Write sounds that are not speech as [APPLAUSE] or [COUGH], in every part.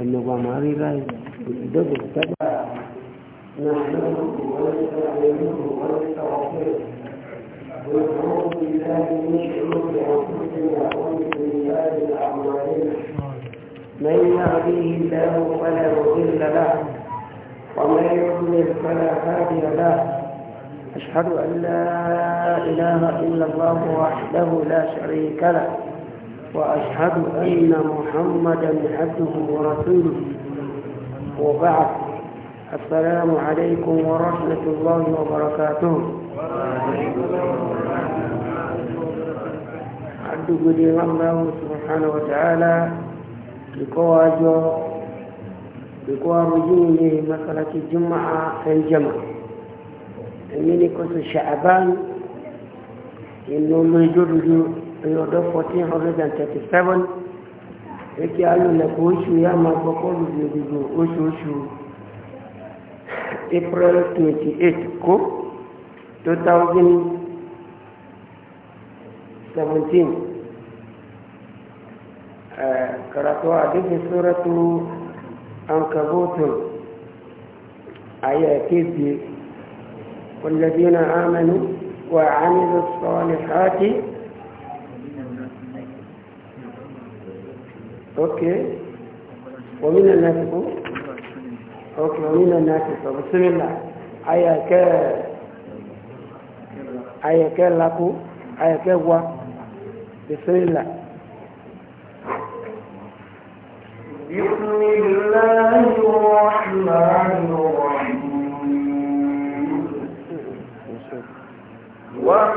النبوة معرفة دبل تبع نحمده ونستعينه ونستغفره ونعوذ بالله من شرور انفسنا ومن سيئات اعمالنا من يهديه الله فلا مضل له ومن يضلل فلا هادي له أشهد أن لا إله إلا الله وحده لا شريك له وأشهد أن محمدا عبده ورسوله وبعد السلام عليكم ورحمة الله وبركاته دين الله سبحانه وتعالى لكوا جو لكوا مسألة الجمعة الجمعة èmi ní kóso ṣàbán inú ọmọ ijó dúdú ọdọ fourteen hundred and thirty seven èkì alùpùpù oṣù yà máa gbọ́kọ́ dúdú dúdú oṣooṣù april twenty eight kó two thousand seventeen karatu àdéhùn sóràtú ankabótó ayé kéde. والذين آمنوا وعملوا الصالحات أوكي ومن الناس أوكي ومن الناس بسم الله أيا ك أيا كلاكو أيا كوا بسم الله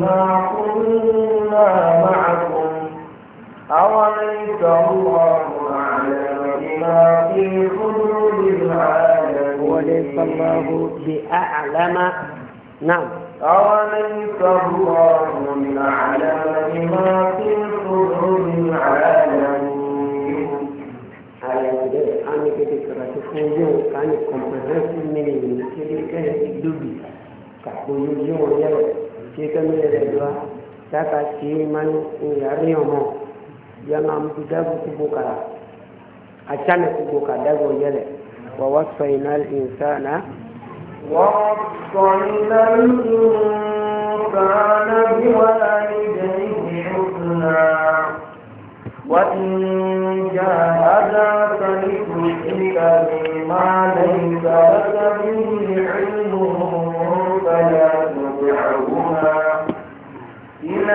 ما كنا معكم أوليس الله أعلم بما في قلوب العالمين وليس الله بأعلم نعم أوليس الله أعلم بما في قلوب العالمين أنا كده أيوة. كراتي فوجو كان كومبرسيف مني كده كده دوبي كحوجو يوم يوم kekeme yɛrɛ doa ta ka tee man yariɔ mɔ yanga mutu dagu kubo kala a cane kubo ka dago yɛlɛ wa wasfaina al insana ووصينا الإنسان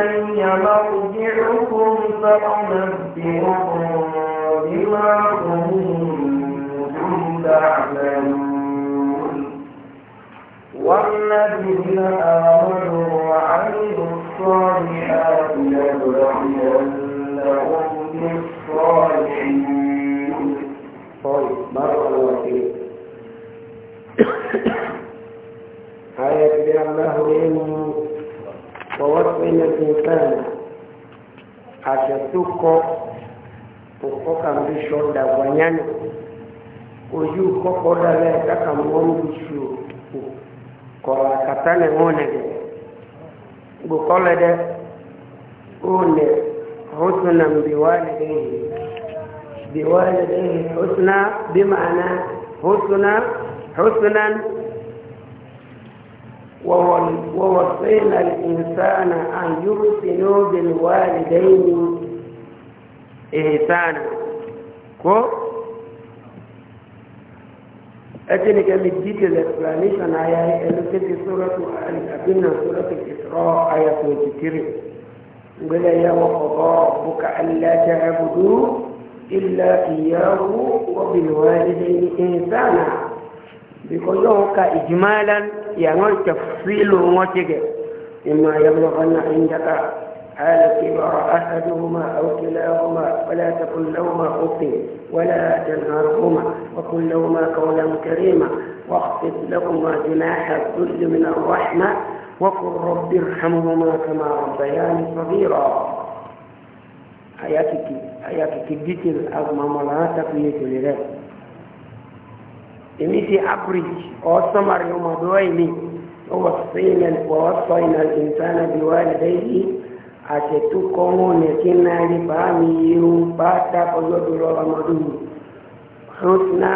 إلي مرجعكم فأنبئكم بما كنتم تعملون والذين آمنوا وعملوا الصالحات لنبلغنهم بالصالحين طيب بارك الله فيك آية الله ووصينا الإنسان أشتوكو kukoka mbisho da wanyani uju koko da le kaka mwongu shu kola katane ngone ge bukole de une husna biwalidihi biwalidihi husna bimaana husna husnan ووصينا الإنسان أن يرسلوا بالوالدين إحسانا كو أجنك من ديك الإسلاميشن آية التي سورة الأبنى سورة الإسراء آية 23 قل يا وقضى ربك ألا تعبدوا إلا إياه وبالوالدين إحسانا بقول لهم كإجمالا يعني تفصيل ومتجه إما يبلغن عندك حال كبر أحدهما أو كلاهما فلا تقل لهما أف ولا تنهرهما وقل لهما قولا كريما واخفض لهما جناح الذل من الرحمة وقل رب ارحمهما كما ربياني صغيرا آياتك آياتك جتل أغمى ملاتك لتلريه ìmítí average or summary ọmọdé wáyé mi ó wà sẹ́yìn wọ́n sọ iná ìntánà bí wà lẹ́yìn àṣetú kọ́mọ́ ní kí náà rí bá mi irú bá dákọjọ́ dúró ọmọdé mi ó ti ná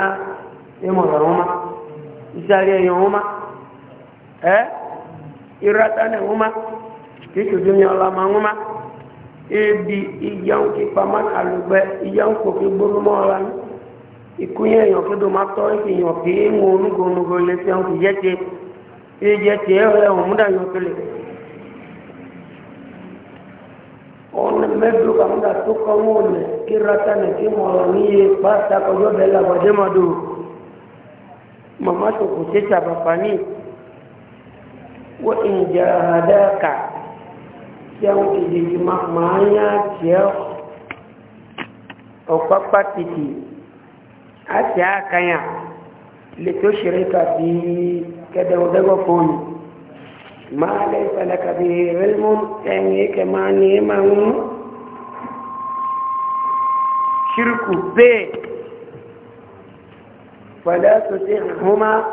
na ebi ìyá ń kí pamọ́ àlùgbẹ́ ìkúnyẹ èèyàn kí ló máa tọ́ èèyàn kí ń wo onúgonugo lè fi hàn kì jẹ́ ti ṣe jẹ́ ti ẹ̀rọ ẹ̀hùn múdà yọ kele. ọ̀nà mẹ́jọ kàmúdà tó kọ́ wọn ọ̀nà kí rata nà kí mọ̀rọ̀ níye pàṣẹ kọjọ́ bẹ́ẹ̀ làwọ̀dé máa dò màmá tó kò ṣe ṣàbàfà ní wọ́n ìjà àdáka tí àwọn kìdìdì máa ń yá tiẹ́ ọ̀pápá tìtì ati akanya leto shirika bi kada wadago kuni ma laysa laka bi ilmun yani kama ni man shirku be fala tutihuma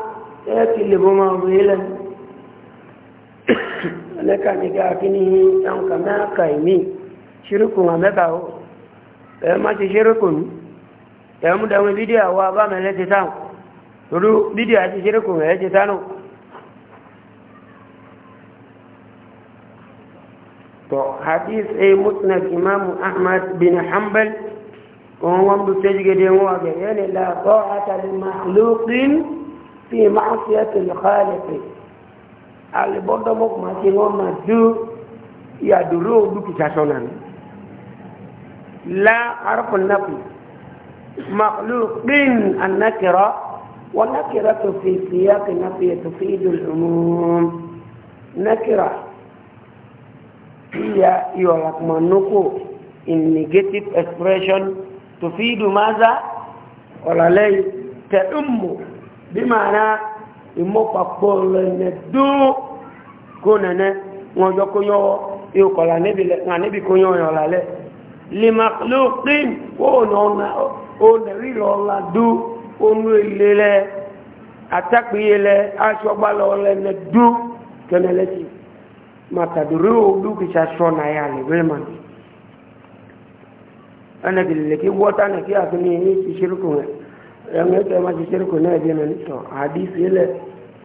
yati lihuma wila [COUGHS] laka ni ga kini tan kama kaimi shirku ma meba o ma ti shirku ni ẹ̀mú dẹ̀wọ̀n bídí àwọn abámẹ́lẹ́ ti táwọn torú bídí àti ṣíríkù rẹ̀ ti tánù tó hadis a musnad imam ahmad bin hanbal wọn wọn bú sẹ́jì gẹ́gẹ́ wọn wà gẹ̀rẹ́ ní làtọ́ àtàlì mahlúkín fi máa fi ẹ̀tù lùkọ́lẹ̀fẹ̀ alìbọ́dọ́mọ́kùnmá tí wọ́n máa dú ìyàdúró dúkìtà sọ́nà ní مخلوق النكرة والنكرة في سياق نفي تفيد العموم نكرة هي يلقمنكو in negative expression تفيد ماذا ولا لي تأم بمعنى المقبول ندو كوننا وجوكو يو يقول نبي نبي كونيو يلا لمخلوق ونونا onẹ̀rí lọ́la dú onú ilé lẹ atakpiye lẹ asọgba lọ́lẹ̀ nẹ dú kẹmẹ lẹ́sìn matadori wo na le sasọ Ma yà lẹ́gbẹ̀rẹ̀ mà ẹnẹbi lẹkì wọta nẹkì àfin yìí ti ṣerúkù rẹ ẹnu ẹsẹ ma ti ṣerúkù náà ẹbí ẹnu nìtọ àdí sílẹ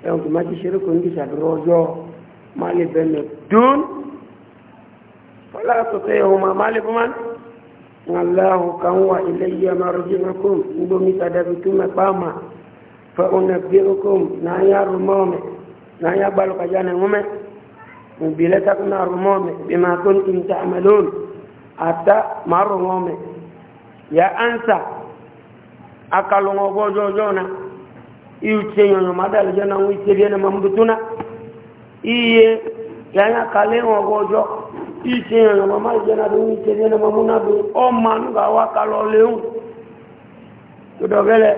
ẹnu tó ma ti ọjọ الله كان وإلي مرجعكم بمي تدبتم قاما فأنبئكم نايا رموم نايا بالك جانا ومي مبيلتكم رموم بما كنتم تعملون أتى ما رموم يا أنسى أكلوا وجو جونا يوتشيون مدال جانا ويتشيون ممبتونا إيه يعني أكلوا وجو ìṣe ìrìn màmá ìjẹnàdó ń ṣe ìrìn màmú náàbò ọmọ nígbà wá kalọ léhùn tó dọ̀gẹ́lẹ̀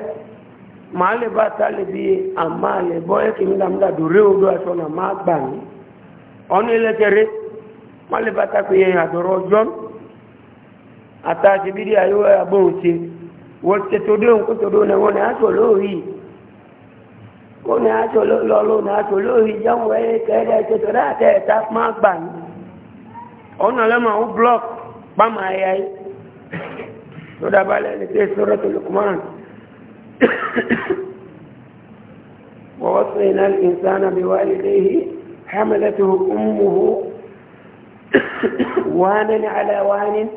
màá lè bá ta lè bí àmà lè bọ́ ẹ̀kì nígbà nígbà dòrè odò aṣọ náà má gbà ní ilẹ̀kẹ̀rẹ́ lè bá yẹn àdọ̀rọ̀ ọjọ́ bídí ọ̀nà lẹ́mọ̀ ó blọ́k pàmà ẹ̀yà yìí tó dábàlẹ̀ ní pé sọ́rọ̀ tó lùkùmọ́ràn wọ́wọ́ sí iná ìsáná bí wáyé léyìí hamilatu umuhu wánani aláwánin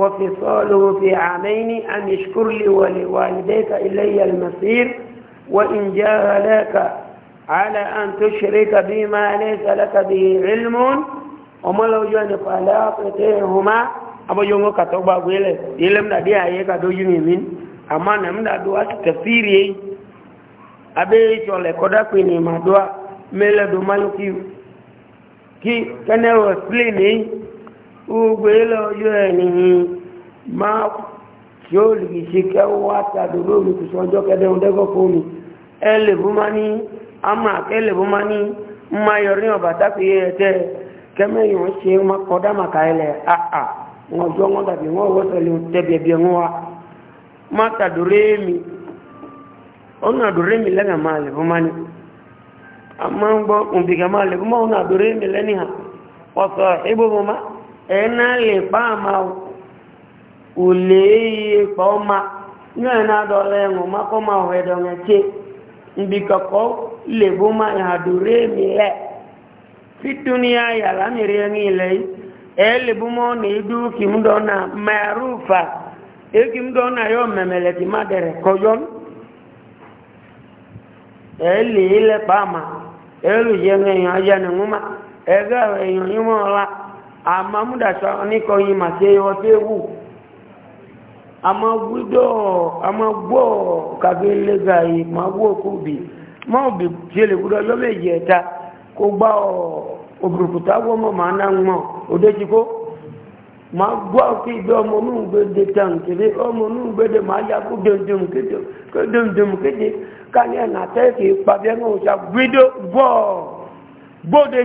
وفصاله في عامين أن يشكر لي ولوالديك إلي المصير وإن جاهلاك على ọmọlọ́jọ́ ẹni pàdé àpẹtẹ ẹ̀hùnmá abọ́jọ́ngọ́ kàtọ́gbà gbélẹ̀ ilẹ̀mdàdé ayé kàdójú mímí àmọ́ nàmdàdó wá ti tẹ̀fìrì èyí abẹ́ẹ̀tsọ̀lẹ̀ kọ́dápé ní màdúà mẹ́lẹ́dọ̀ málùkì kí kẹ́nẹ́wọ̀ explain èyí gbogbo ẹlọ́jọ́ ẹni máa tí ó lè ṣe kẹ́wọ́ àtàdó lórí kùsọ́jọ́ kẹ́dẹ́hùn dẹ́gọ́ fóònù ẹ lè bú má ní kẹ́mẹ́ yìí wọ́n ṣe wọn kọ́dá màkà ilẹ̀ àà ah, ah. wọn jọ wọn dàbí wọn wọ́n sọ lóun tẹ́bíẹ̀ wọn wa má tàdúré mi ọ̀nà àdúré mi lẹ́nà máa lè fún mání a máa ń gbọ́ òǹbìkà máa lè fún mọ́ ọ̀nà àdúré mi lẹ́nì hàn ọ̀sọ̀ ìbòmọ̀ má ẹ̀ náà lè pa àmà ò lè yí pa ọ́ ma ní ọ̀nà àdọ̀lẹ̀ ẹ̀wọ̀n má kọ́ máa họ̀ ẹ̀dọ̀ yẹn ṣe ìbìkà kọ́ lè fún má ìhàdúré mi lẹ́ẹ̀. fi dunia yala ni riyangi ilay el bu mo ni du kim do na marufa e kim do na yo memele ti madere ko yon el ile pama el yenge aja ne nguma e ga yon yuma la ama mu da so ni ko yi ma se yo te wu ama wudo ama gbo ka gele ga yi ma wo ku bi ma bi jele gudo lo me yeta kó ọ òbùrùkùtà wọ́mọ̀ máa ná ń mọ̀ òdéjìkó ma gbọ́ kí ibi ọmọ inú gbéde tàǹkìrí ọmọ inú gbéde máa ya kó dòndòm kéde káni ẹ̀nà tẹ́ẹ̀kì pàdé ẹ̀nà òṣà gbédó gbọ́ gbóde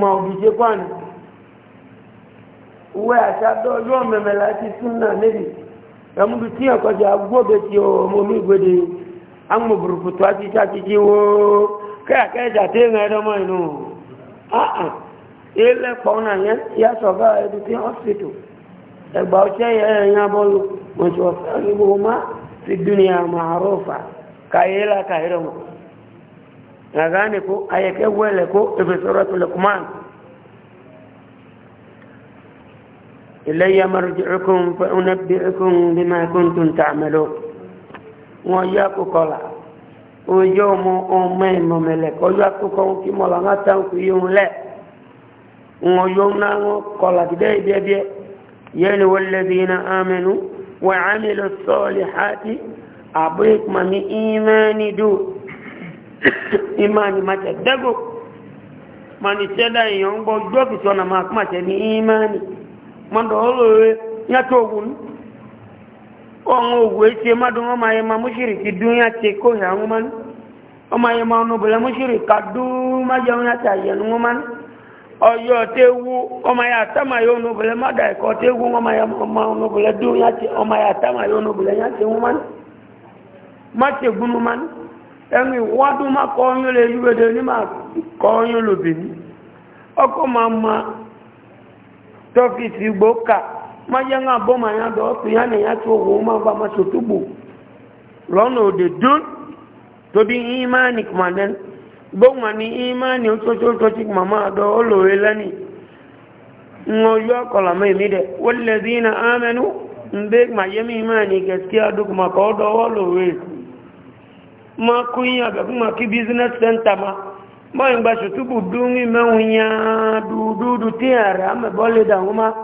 ma òbíṣe kwani wẹ́ àṣàdọ́ yóò mẹ́mẹ́ láti súnà níbi ẹ̀múbi tí ẹ̀kọ́jà ti ti ti kẹ́ẹ̀kẹ́ jàtí ìrìn ẹ̀dọ́mọ́ inú ọ̀hàn ilẹ̀ pọ̀nà yẹn yá sọ̀gá ẹbí tí hospital ẹgbà ọ̀ṣẹ́ yẹ ẹ̀yàn bọ́ọ̀lù mọ̀ṣọ́ ìgbò má fi dúnìyà màárọ̀fà kàyélà kàyérọ̀ mọ̀ làgáni kó ayẹkẹ́ wẹ̀lẹ̀ kó ìfẹsọ̀rọ̀ tó lè kúmá إلي مرجعكم فأنبئكم بما كنتم تعملون وإياكم قلعا ojo mo ọmọ ìmọ̀mẹ̀lẹ̀ kọjú akókò ń kí mọ̀lá ń ta òkú yóò lẹ̀ ń yóò ná ń kọlà dídẹ́ ìbẹ́bẹ́ yẹni wọ́n lẹ́bi iná amẹnu wọ́n àmìlò sọ́ọ̀lì hàtí àbúrò ìpamí ìmẹ́ni dù ìmọ̀ni máa tẹ̀ dẹ́gò mọ̀ni tẹ́lá èèyàn ń gbọ́ ojú ọ̀fìsì ọ̀nà máa kúmàtẹ́ ní ìmẹ́ni mọ̀ndọ̀ ọ̀rọ̀ rẹ̀ yàtọ̀ ògùn ní. ọ̀nà ògùn etí mádùn ọmọ ayẹmà mọ́ṣírì kí dúnyà ti kó ṣe àwọn ọmọ ọmọ ayẹmà ọ̀nàbọ̀lẹ̀ mọ́ṣírì ká dúnmá jẹun láti àyẹnu wọn mọ́n ọyọ tẹ wú ọmọ ayẹ àtàmà yóò ọ̀nàbọ̀lẹ̀ mádà ẹ̀kọ́ tẹ wú ọmọ ayẹ ọ̀nàbọ̀lẹ̀ dúnyà ya ya ma ka. ma ya majanga boma ya dọọtụ ya na ya tụ to wuma ba masutubu lono de dun to bi imani kumanen boma ni imani to ma to tik mama do lo elani ngo ma emi dị mi de walladina amanu mbe ma yemi imani gaskiya duk ma ko do lo we ma ya ga kuma ki business senta ma ma ngba sutubu dungi mawunya dudu du tiara me bole da huma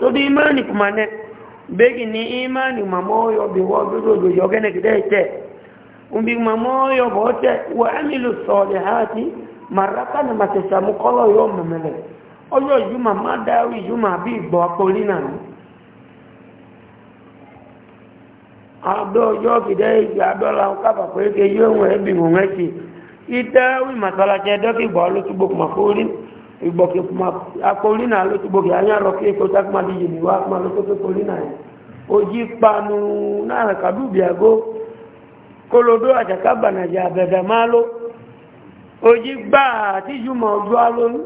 todi imani kumane begi ni imani mamoyo biwodododo yogene kidete umbi mamoyo bote wa amilu salihati maraka na matesa mukolo yo mamele ojo juma madawi juma bi bo polina ni abdo yo kidai ya dola ukapa kweke yo ngwe bi ngwe ki itawi masala chedo ki bolu tubu mafuli ibọ̀kì akọrínà ló tó gbogbo àyàrọ̀ kí èkó tó kọ́ díjì ní wá máa ló tó kọrínà ẹ̀ ojí panu náà kàbíbì àgó kólódó àjàkábànàjà àbẹ̀bẹ̀ máa ló ojí gbà àtíjú mọ̀ ojú alóní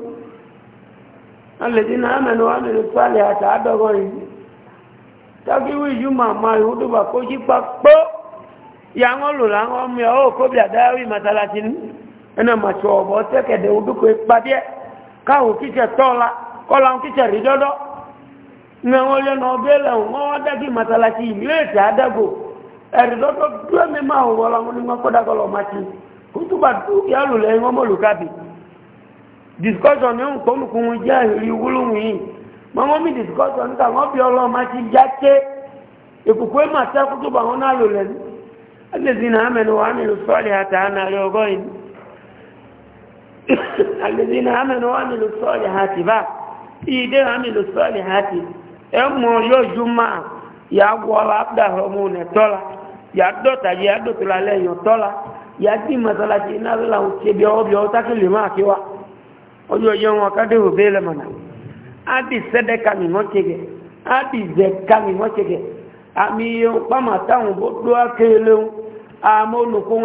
ẹ̀nà màtí ọ̀bọ̀ tẹ́kẹ̀dẹ̀ ojúkò ipá díẹ̀ káwọn kíkẹ tọ́la kọ́la kíkẹ rí dọ́dọ́ ní wọn lé nà ọbẹ̀ lẹ́wọ̀n wọn wá dájú màtàlásì ìmílẹ̀tì àdágò ẹ̀rí dọ́dọ́ dúró mi máa wọ̀ ọ́la wọn ni wọn kọ́dà kọ́lọ̀ máa ti kútùbà dúkìá lò lẹ́yìn wọn mọ̀lù kábì discussion ní nkónukun jẹ́ ìrírí wúlùmù yìí mọ́mọ́ mi discussion níta wọ́n fi ọlọ́ máa ti já ké ìkùkù ẹ̀ máa tẹ́ kútùbà wọn náà lò lẹ́nu ẹ̀ الذين امنوا وعملوا الصالحات با ايدين عملوا الصالحات ام يو جمعه يا غوا عبد الرحمن تولا يا دوتا يا دوتا لا يو تولا يا دي مثلا جينا لا وتبي او بيو تاكل ما ka adi adi ami yo pa ma bo do akele amolukun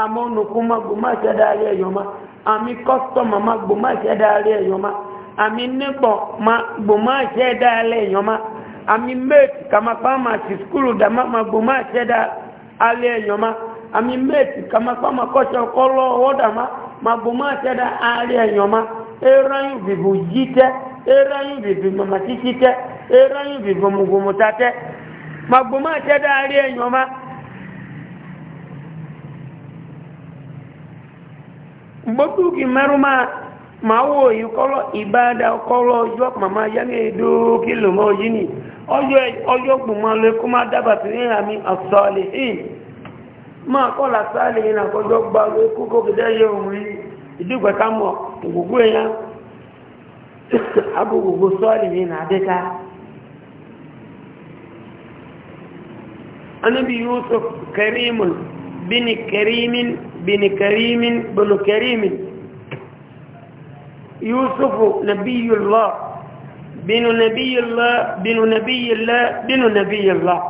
amọnukuma gboma ṣẹdaali ẹyọma ami kọstọmọ ma gboma ṣẹdaali ẹyọma ami nípọ ma gboma ṣẹdaali ẹyọma ami méèt kama pharmacy skul dama ma gboma ṣẹdaali ẹyọma ami méèt kama pharmacy kọṣẹ kọlọ ọwọ dama ma gboma ṣẹdaali ẹyọma eranyu bibu yi tẹ eranyu bibu mama titi tẹ eranyu bibu mugumuta tẹ ma gboma ṣẹdaali ẹyọma. mgbe kì mẹ́rún máa máa wò yìí kọ́lọ̀ ìbáadà kọ́lọ̀ ọjọ́ màmá yá edo èdò kìlò mọ́ yi ni ọjọ́ gbùmọ́ lè kó máa ma sí ní na àsọ̀lẹ̀ yìí máa kọ́lá sáàlẹ̀ yìí nàkọ́jọ́ gba lè kó kó kìdẹ́ yẹ òun rí ìdígbẹ̀ká بن كريم بن كريم بن كريم يوسف نبي الله بن نبي الله بن نبي الله بن نبي الله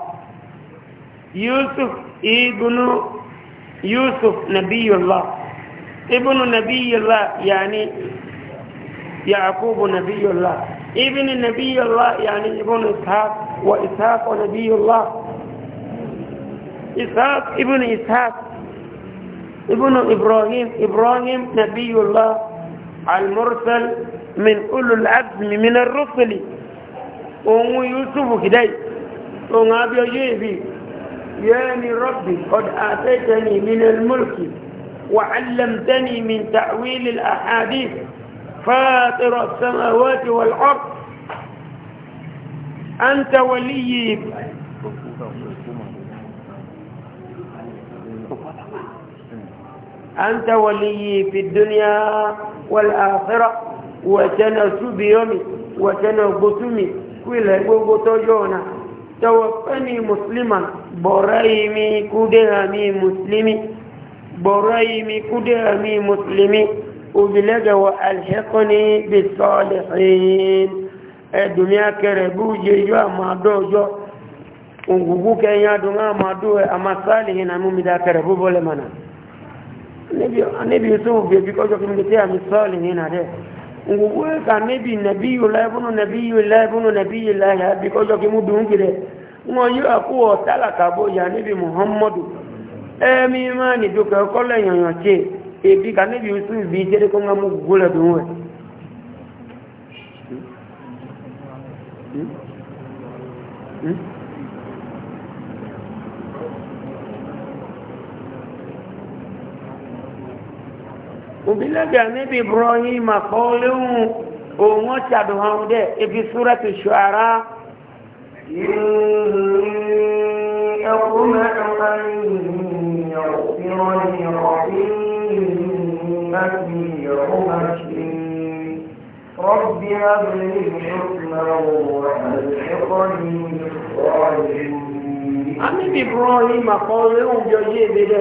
يوسف ابن يوسف نبي الله ابن نبي الله يعني يعقوب نبي الله ابن نبي الله يعني ابن إسحاق وإسحاق نبي الله إسحاق ابن إسحاق ابن إبراهيم إبراهيم نبي الله المرسل من أولو العزم من الرسل وهو يوسف كدي وهو يجيبي يعني ربي قد آتيتني من الملك وعلمتني من تعويل الأحاديث فاطر السماوات والأرض أنت وليي أنت ولي في الدنيا والآخرة وتنسب يومي وتنبتمي كل بوتوجونا توفني مسلما برايمي كدهامي مسلمي برايمي كدهامي مسلمي وبلغ وألحقني بالصالحين الدنيا كربوجي جو أمادو جو ungubuke ya dunga madu amasalihi na mumida karabu bole mana anabi yusuf bɛ bi kɔjɔ kini kete ami sɔɔli ni na dɛ nkuku ka anabi nabi yula ibunu nabi yula ibunu nabi yula ya bi kɔjɔ ka bo ya anabi muhammadu ɛmi ma ni do ka kɔlɔ ebi ka anabi yusuf bi tere ko ŋa mu la òbílẹ̀dì àníbi ibrahim àkọọ́léhùn òun wọ́n ti àdùnhàn dẹ̀ ebi súrẹ́ ti ṣọ ara. رب هب لي حكما والحقني بالصالحين. عن ابراهيم قال لهم جاي بدا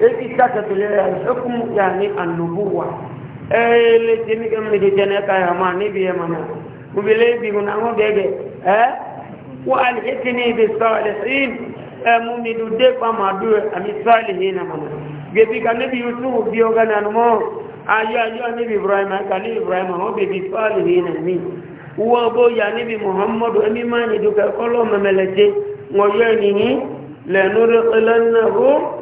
eki kata tulele eh, alhukumu yani annubuwa ele eh, tini ke mi tene ka ya ma ni biye mana mubile bi guna ngo gege eh wa alhitni bi salihin eh, mu de pa ma du ami salihin mana gebi ka ne bi yusu bi o gana no mo ayo ayo ni bi ibrahim ka ni ibrahim ho bi bi salihin mi wo bo ya ni bi muhammadu emi ma ni du ka kolo memelete ngoyo ni ni lenuru ilannahu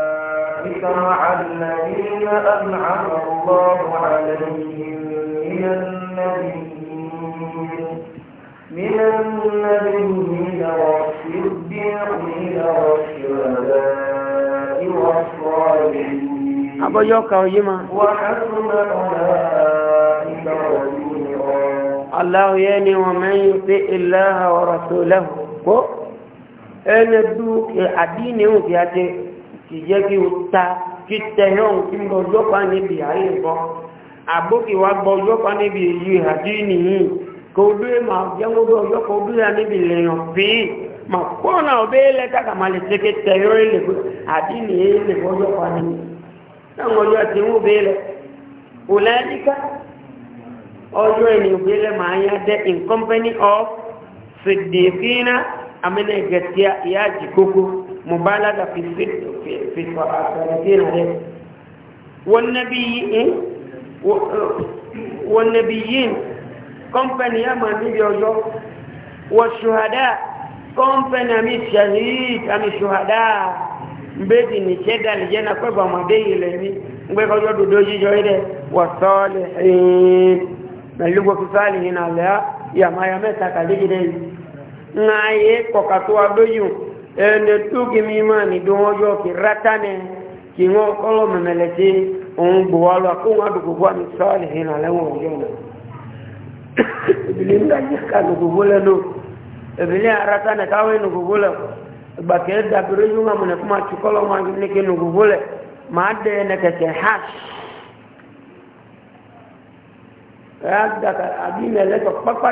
أولئك مع الذين أنعم الله عليهم من النبيين من النبيين والصديقين والشهداء والصالحين أبوك ويما وحسن أولئك رفيقا الله يعني ومن يطع الله ورسوله ko ẹni ẹdú àdínì òkè àti kì í jẹ́ kí o ta kí tẹ̀yàn ò kí lọ yọ́pá níbi àgbókè wa gbọ́ yọ́pá níbi èyí àti nìyí kò dé máa jẹ́wọ́ bọ́ yọ́pá ojú ya níbi lèèyàn fi mà kọ́nà ọ̀bẹ́ ilẹ̀ kàkà máa lè ṣe fún àti nìyí lè yọ́pá níbi ọjọ́ ti ń ọjọ́ ènìyàn máa yá in company of ìyá الفطر عشان عليه والنبي والنبيين كومباني يا مامي بيوجو والشهداء كومباني امي شهيد امي شهداء mbedi ni cheda lijana kwa pamadei ilemi mbeka ujua dudoji joide wasalihin na lugha kisalihin alea ya mayameta kalijidei ngaye ẹni tó kí mi máa ní dún ọjọ́ kí rátá ni kí wọ́n kọ́lọ̀ mẹ́mẹ́lẹ́ tí òun gbò wá lọ kó wọn àdúgbò bá mi sọ́ọ̀lì hìn àlẹ́wọ̀n ọjọ́ náà ìbílẹ̀ ń dájú ká nùgbògbò lẹ́nu ìbílẹ̀ rátá ni káwé nùgbògbò lẹ́ gbàkẹ́ dàbírí yóò máa mọ̀nà kúmà tí kọ́lọ̀ wọn ní kí nùgbògbò lẹ́ máa dẹ̀ ẹ̀ nẹ̀kẹ̀kẹ̀ hash ẹ̀ àgbàkà àbí nẹ̀lẹ́tọ̀ pápá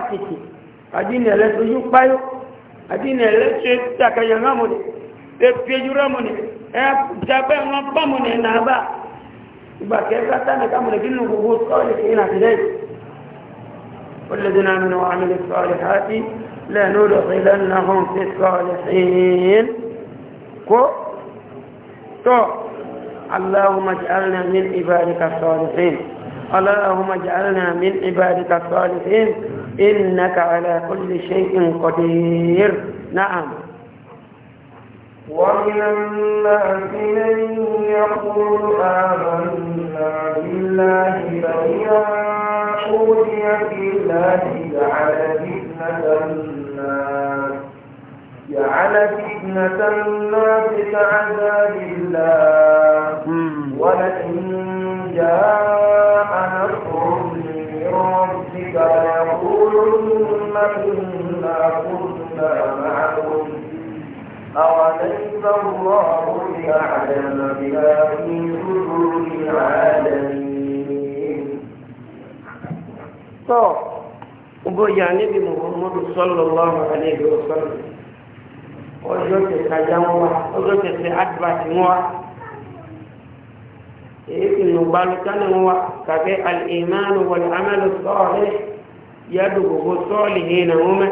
àti ní ẹlẹ́ṣẹ́ takẹyẹ rámọ̀nì ẹ̀fẹ́jú rámọ̀nì ẹ̀fẹ́jàgbẹ́ wọn pọ̀mọ̀nì nàbà ìgbàkẹ́ sátánì kámọ̀nì kí nù gbogbo sọ́ọ̀lì kí nà sílẹ̀ والذين آمنوا وعملوا الصالحات لا ندخلنهم في الصالحين كو تو اللهم اجعلنا من عبادك الصالحين اللهم اجعلنا من عبادك الصالحين إنك على كل شيء قدير نعم ومن الناس من يقول آمنا بالله فإذا أوتي بالله جعل فتنة الناس جعل فتنة الناس كعذاب الله ولئن جاء كنا معكم أوليس الله بأعلم بما في صدور العالمين طب وبرجع النبي محمد صلى الله عليه وسلم ọjọ́ kẹta jáwọ́ wa ọjọ́ kẹta adivasi wọn wa èyí nù balùkánì wọn wa kàfẹ́ alìmánu wàlúhàmẹ́lú sọ́ọ̀lì yàdùgbògbò sọ́ọ̀lì yìí nà wọn mẹ́.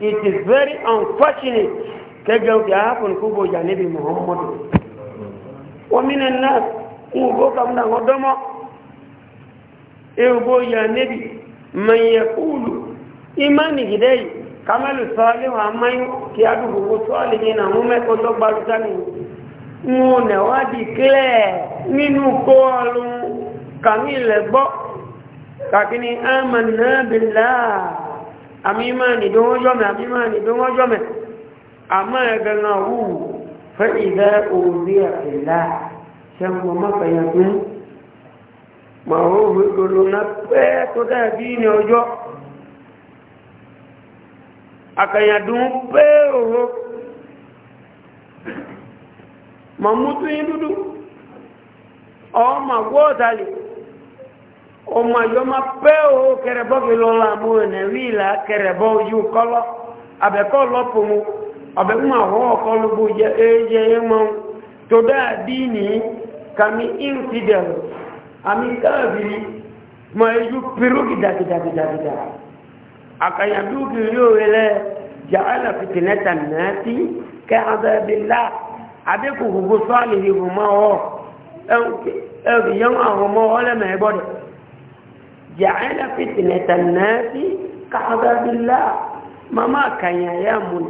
it is very unfortunate kẹgbẹ́ òkè ahapun kúgbò ìjà níbi muhammadu omínà náà ń gbó kàmúnà ọdọ́mọ́ ìgbó ìjà níbi mẹ́yẹ kúlù ìmánì gidẹ́ yìí kamalu wà kí a dùn gbogbo sọ́ọ́lì yìí nà mú mẹ́kọ́ tó gbalú sani mú nẹ̀wádìí kílẹ̀ nínú kóòlù kàmí àmì máa nì tó wọ́n jọ́mẹ̀ àmì máa nì tó wọ́n jọ́mẹ̀ àmọ́ ẹgbẹ̀rún àwù fẹ́ ìfẹ́ òbí àfẹ́lá sẹ́wọ̀n mọ́fẹ̀yà pé màá na rí gbogbo náà pẹ́ tó dàbí ní ọjọ́ àkànyàdùn pé òhó ma ọmọ ìjọmọ pẹ́ o kẹrẹbọ́ gị lọ láàmú ẹ̀nẹ̀ wíìlà kẹrẹbọ́ ojú kọ́lọ́ àbẹ̀kọ́ lọ́pùnmù ọ̀bẹ̀kún àwọn tó ní kàmí infidel àmì káàbìrì mọ ẹjú pírú gidagidagidagida àkàyàdúkì yóò rẹlẹ̀ jàálà fìtìlẹ́tà náà tí kẹ́ abẹ́bílá jàáyà fìtìnẹ̀tà náà sí káàbàbílá mama kànyà yà mún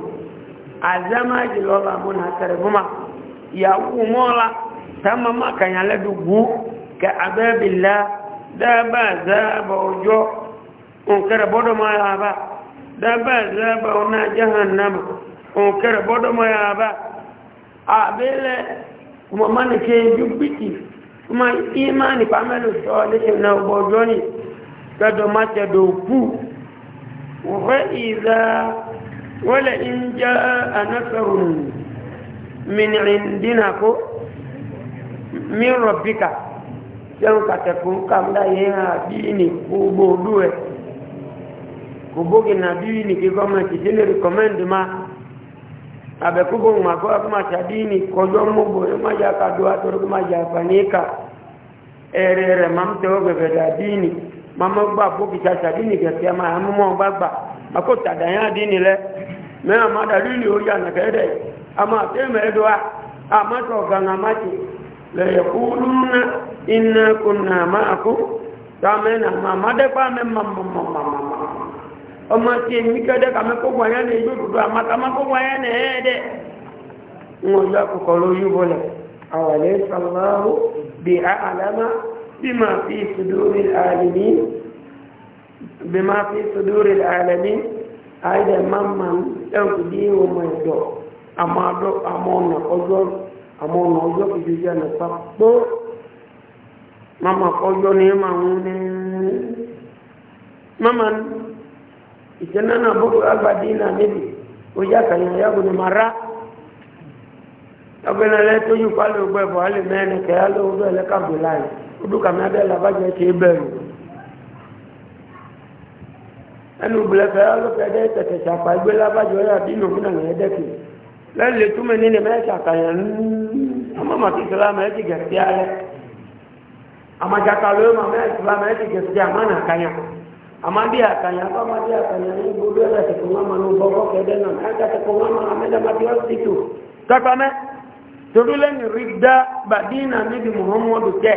àzámájì lọ́ba mún àtàrẹ̀ fúnma yàwó mọ́la tá mama kànyà lẹ́dù gbú káàbàbílá dábà zábà ọjọ́ òǹkẹrẹ̀ bọ́dọ̀ máa yà bá dábà zábà ọ̀nà jahannama òǹkẹrẹ̀ bọ́dọ̀ máa yà bá àbẹ́lẹ̀ mọ̀mánìkẹ́ ju bìtì ma imani pamẹ́lú sọ léṣe náà gbọ́jọ́ yìí gbẹ́dọ̀ má tẹ̀dọ̀ kú wọ́n ìdá wọ́lẹ̀ ń jẹ́ anásọ̀rùn mìnìrín dínà kó mìíràn bíkà jẹun kàtẹ̀kù kàmdá yẹn àbí ní gbogbo olú ẹ̀ kò bógi nà bí ní kí gọ́ọ̀mẹ̀ntì tí lè rìkọ́mẹ́ndì má àbẹ̀kúgbò ń màkọ́ àkọ́màtì àbí ní kọjọ́ mọ́gbò ẹ̀ má yà kàdó àtọ́rọ́kọ́mà yà àǹfààní kà ẹ̀rẹ̀ rẹ̀ má ń tẹ́wọ́ gbẹ̀gbẹ̀ dà ní. mama gba boki tata dini kẹsẹ ma amumọ gba gba mako tadanya dini lẹ mẹ ama dadu ni o ya nakẹ dẹ ama mẹ a ama tọ ganga ma ti na ma ma dẹ kpa mẹ ma ma ma ma ma ma ọma ti kẹ dẹ kàmẹ kó gbanya nẹ yóò dodo ama kàmẹ kó gbanya nẹ ẹ dẹ ń wọ yọ akọkọ lọ yóò bọ بما في صدور العالمين بما في صدور العالمين أيضا ممن تنقديه ومجدو أما دو أمون أجر أمون أجر في جزيان الصبو مما قجو نيما ممن إتنانا بكو أبا دينا نبي وجاك يا ابن مرة أبنا لا تجو قالوا بابو هل مانك هل هو لك أبو odúkà mi adé làbájẹ ti bẹ̀rù ẹnu bìlẹ̀fẹ̀ alókè ẹdẹ tẹ̀tẹ̀ sàpà gbé làbájẹ ọyà dínú fún àwọn ẹdẹ́kì lẹ́lẹ̀ túmẹ̀ nínú mẹ́ta àkàyàn nínú ọmọ màtí ìsìlámù ẹ̀ ti gẹ̀ẹ́sì alẹ́ àmàjàkà lóyún màmá ìsìlámù ẹ̀ ti gẹ̀ẹ́sì àmàna àkàyàn àmàdí àkàyàn bá màdí àkàyàn ní gbogbo ẹ̀rọ ti fún wọn nù bọ́kọ́ kẹ́dẹ́ náà ẹ̀ka ti fún wọn àmẹ́dàmàdí ọ̀sítù tọ́tọ́mẹ́ rí dá bàdínà níbi muhammadu tẹ́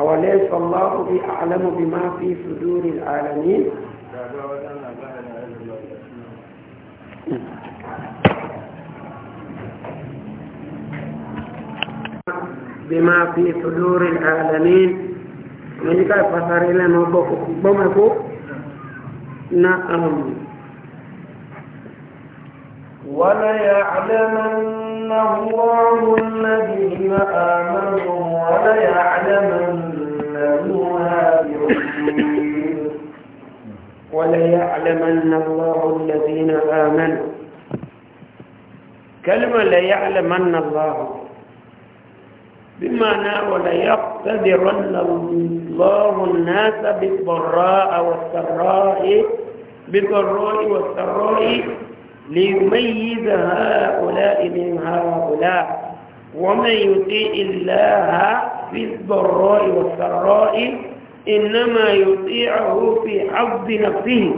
أوليس الله أعلم بما في صدور العالمين بما في صدور العالمين ملك يعني الفسر إلى بمكو نعم وليعلمن يمحقن الله الذين آمنوا وليعلمن المهاجرين وليعلمن الله الذين آمنوا كلمة ليعلمن الله بمعنى وليقتدرن الله الناس بالضراء والسراء بالضراء والسراء ليميز هؤلاء من هؤلاء ومن يطيع الله في الضراء والسراء إنما يطيعه في حظ نفسه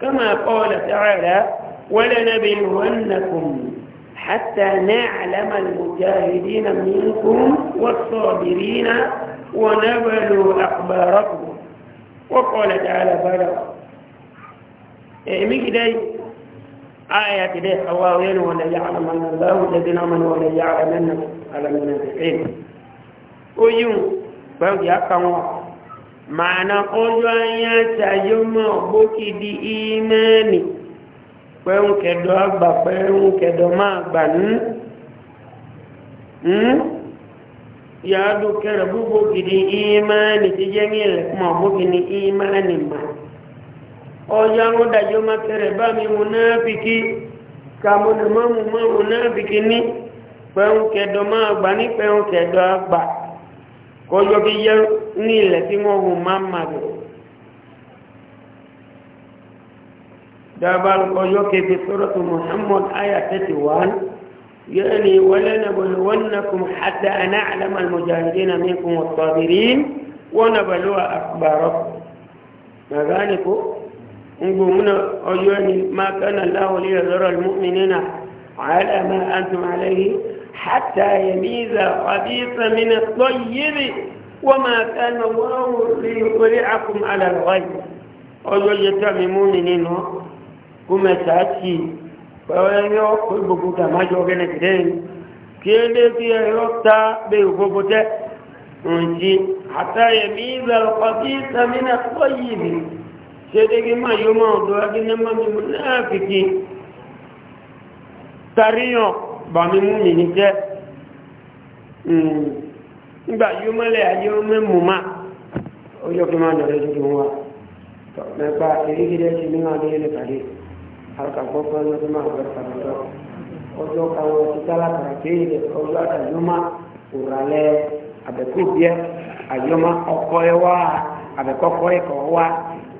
كما قال تعالى ولنبلونكم حتى نعلم المجاهدين منكم والصابرين ونبلوا أخباركم وقال تعالى بلغ إيه مجدي آية كده حواوين ولا يعلمن الله الذين آمنوا ولا يعلمن على المنافقين ويوم بقى يقوم معنى قول آيات يوم بوكي دي إيماني pẹ̀rún kẹ̀dọ̀ àgbà pẹ̀rún kẹ̀dọ̀ máa gbà ní yàádùn kẹrẹ̀ gbogbo gidi ìmáàni ti jẹ́ ní ilẹ̀ kúmọ̀ gbogbo ní ìmáàni máa ọjọ́ ń dájọ́ máa tẹ̀rẹ̀ bá mi mùnáfìkì kàmúnà máa mú máa mùnáfìkì ní pẹ̀hún kẹ̀dọ̀ máa gbà ní pẹ̀hún kẹ̀dọ̀ àgbà kọjọ́ kí yẹ ní ilẹ̀ tí wọ́n wù máa mà lò. dábàá kọjọ́ kébí sọ́rọ́ tó muhammad aya tẹ̀tì wán yẹ́nì ولنبلونكم حتى نعلم المجاهدين منكم والصابرين ونبلو أخباركم ما ذلك نقول أجواني ما كان الله ليذر المؤمنين على ما أنتم عليه حتى يميز الخبيث من الطيب وما كان الله ليطلعكم على الغيب أجوان يتعمي مؤمنين كما تأتي فأولي أقول بكوتا ما جوغنا كدين كيلي في الوقت بيوكوكوتا ونجي حتى يميز الخبيث من الطيب sedege ma yoma odo agina ma mi munafiki tariyo ba mi mumini je mm ngba yoma le ayo me muma oyo oh, ki ma do le ju wa to me ba mi ma de le tari har ka ko ko ma ba ta to ka wo ti ka ke ni yoma urale ayoma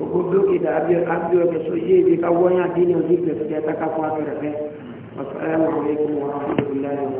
وقدوكي أبي أبي وكسوجي بكوانا دين وزيك لسجاتك فاكرة والسلام عليكم ورحمة الله وبركاته